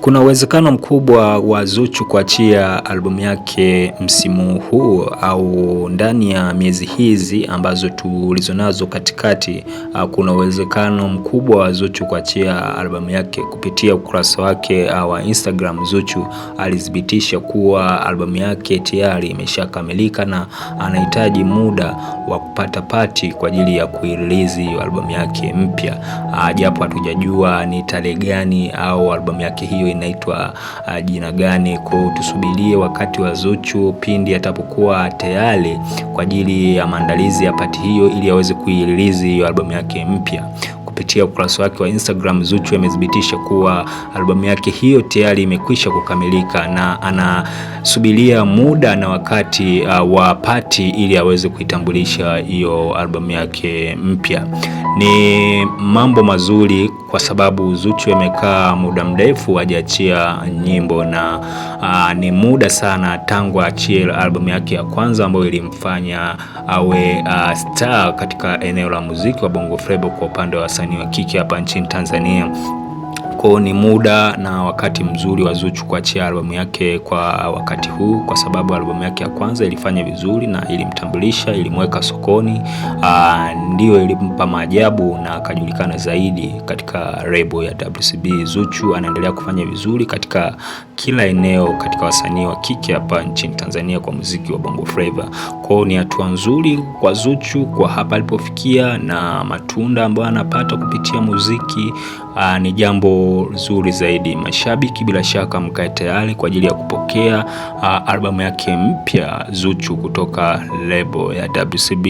Kuna uwezekano mkubwa wa Zuchu kuachia albamu yake msimu huu au ndani ya miezi hizi ambazo tulizonazo katikati. Uh, kuna uwezekano mkubwa wa Zuchu kuachia albamu yake. Kupitia ukurasa wake uh, wa Instagram, Zuchu alithibitisha kuwa albamu yake tayari imeshakamilika na anahitaji muda wa kupata pati kwa ajili ya kuirilizi albamu yake mpya, uh, japo hatujajua ni tarehe gani au albamu yake hiyo inaitwa uh, jina gani. Kwa tusubirie wakati wa Zuchu pindi atapokuwa tayari kwa ajili ya maandalizi ya pati hiyo, ili aweze kuirilizi hiyo albamu yake mpya. Kupitia ukurasa wake wa Instagram, Zuchu amethibitisha kuwa albamu yake hiyo tayari imekwisha kukamilika na ana subilia muda na wakati uh, wa pati ili aweze kuitambulisha hiyo albamu yake mpya. Ni mambo mazuri kwa sababu Zuchu amekaa muda mrefu hajaachia nyimbo na uh, ni muda sana tangu aachie albamu yake ya kwanza ambayo ilimfanya awe uh, star katika eneo la muziki wa Bongo Flava kwa upande wa wasanii wa kike hapa nchini Tanzania. Kwao ni muda na wakati mzuri wa Zuchu kuachia albamu yake kwa wakati huu, kwa sababu albamu yake ya kwanza ilifanya vizuri na ilimtambulisha, ilimweka sokoni, ndiyo ilimpa maajabu na akajulikana zaidi katika lebo ya WCB. Zuchu anaendelea kufanya vizuri katika kila eneo katika wasanii wa kike hapa nchini Tanzania kwa muziki wa Bongo Flava. Kwao ni hatua nzuri kwa Zuchu kwa hapa alipofikia na matunda ambayo anapata kupitia muziki Aa, ah, ni jambo zuri zaidi. Mashabiki bila shaka mkae tayari kwa ajili ya kupokea ah, albamu yake mpya Zuchu kutoka lebo ya WCB.